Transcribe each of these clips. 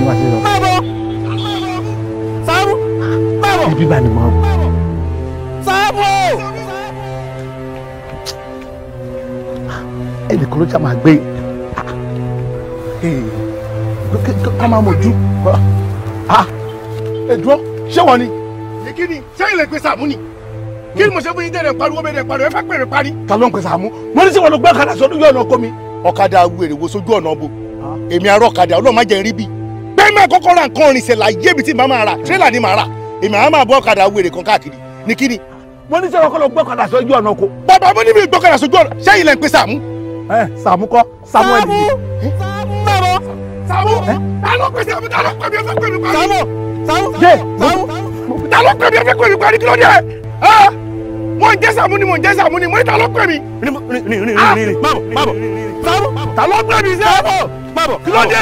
ni wàá ṣe lọ. sáàbọ̀ sáàbọ̀ sáàbọ̀. ibi bá ni mo rò. sáàbọ̀. ẹnì kan ló ṣá máa gbé ká máa mojú ah, ah, ẹ̀dùn ṣé wọ́n ni. èkì ni sẹ́yìn lè pe Sàámú ni kí ni mo ṣe fún yín dẹ́rẹ̀ pariwo bẹ́ẹ̀ pariwo ẹ fẹ́ pèrè parí. ta ló ń pe Sàámú wọ́n ní sẹ́wọ̀n ló gbé ọ̀kadà sọ́dún yóò lọ kó mi. ọ̀kadà wèrè wo sójú ọ̀nà bo ah. èmi arọ́ ọ̀kadà ọlọ́run má jẹ́ rí bíi èmi àkọ́kọ́ ra nǹkan ọ̀rìnṣẹ̀ láyé ibi tí màá máa ra tírélà ni màá rà èmi àwọn máa bọ́ ọ̀kadà wèrè kan káàkiri ní kíni. mo ní sẹ́wọ́n kọ́ lọ gbọ́kadà sójú ọ̀nà ko. bàbá mo ní mi gbọ́kadà sójú ọ̀nà ṣé ilẹ̀ ń pe Sàámú. ẹ Sàámú kọ́ Sàámú ẹni. Sàámú Sàámú mo ń jẹ́ Sàámú ni mo ń jẹ́ Sàámú ni mo ní ta ló pè mí. má bọ̀ má bọ̀ Sàámú ta ló pè mí sẹ́wọ̀n má bọ̀ kí ló dé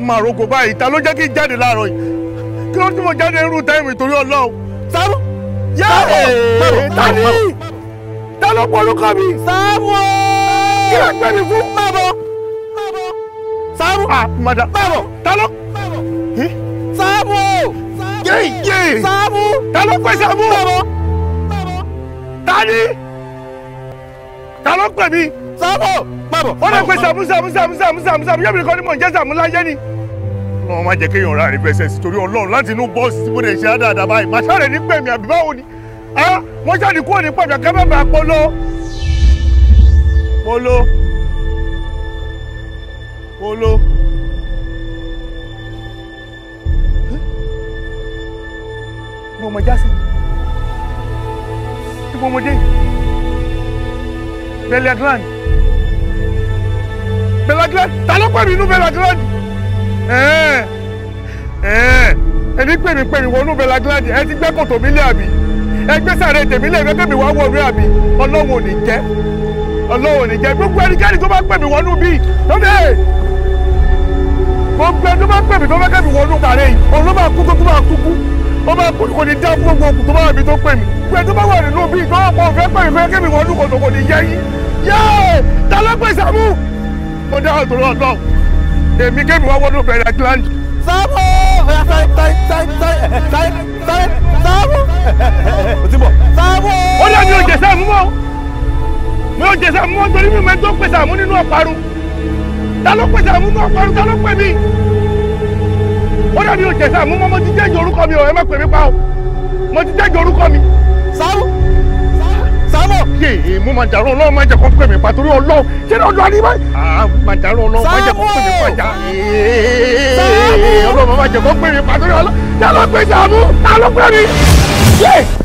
máa rogo báyìí ta ló jẹ́ kí n jáde láàárọ̀ yìí kí ló ní mo jáde irú táìmù ìtòrí ọlọ́run sáàmù yáàrẹ̀ tani ta ló pọ̀ lóko mi sáàmù kí ló pẹ́ mi fún bábọ̀ sáàmù àmàdà ah, bábọ̀ ta ló sáàmù yéèyé sáàmù ta ló pẹ́ sáàmù tani ta ló pẹ́ mi sábọ̀ pàbọ̀. ó lè pe sàmú sàmú sàmú sàmú sàmú sàmú yẹ́bi kan ní mò ń jẹ́ sàmú láyé ni. ọlọ́run má jẹ́ kéèyàn ra rẹ̀ fẹsẹ̀ sí torí ọlọ́run láti inú bọ́ọ̀sì tí mo lè ṣe àdáadáa báyìí màá sáré ní pẹ̀mí àbí báwo ni. wọ́n ṣàdí kúrò ní pẹ̀mí àkẹ́fẹ́ bá polo. polo. polo. mo mọ jásí. ibo mo dé. Bella Grande, ta ló pè mí inú Bellegrand ẹni pè mí pè mí wọnú Bellegrand ẹ ti gbẹ́ kòtò mi lé àbí ẹ gbé sàré tèmi lé ẹgbẹ́ mi wá wọ̀ rí àbí ọlọ́wọ́ ò ní jẹ́ ọlọ́wọ́ ò ní jẹ́ gbogbo ẹnikẹ́ni tó bá pè mí wọnú bíi lọ́dẹ̀ gbogbo ẹni tó bá pè mí tó bá kẹ́ mi wọnú sàré yìí òun ló máa kú kó tó máa kú kú ó máa kú kò ní dá fún gbogbo òkú tó bá wà mí tó pè mí gbogbo ẹni tó bá wà nínú bíi tó wà pọ̀ fẹ́ pè mí fẹ́ kẹ́ wọnú kòtò kò ní yẹ yín yéé ta ló pè Sàámú. mo dáhùn tó lọ lọ èmi kémi wá wọnú bẹ̀rẹ̀ gland. Sàámú Sàámú o ti bọ̀ Sàámú. ó lé mi ò jẹ Sàámú mọ́ mi ò jẹ Sàámú mọ́ torí mi mẹ́tò pè Sàámú nínú ọ̀parun ta ló pè Sàámú nínú ọ̀parun ta ló pè mí ó dàbí o jẹ Sàámú mọ́ mo ti jẹ́jọ orúkọ mi o ẹ má pè mí pa o mo ti jẹ́jọ orúkọ mi. Sàámú sámọ̀. yéè mo máa dàrú ọlọ́run máa jẹ kó pè mí pa torí ọlọ́run ṣé ní ọdún àdìbá. àá máa dàrú ọlọ́run jẹ kó pè mí pa jà. ọlọ́run máa jẹ kó pè mí pa torí ọlọ́run. yálà pé sàmú alọ́pẹ́ mi.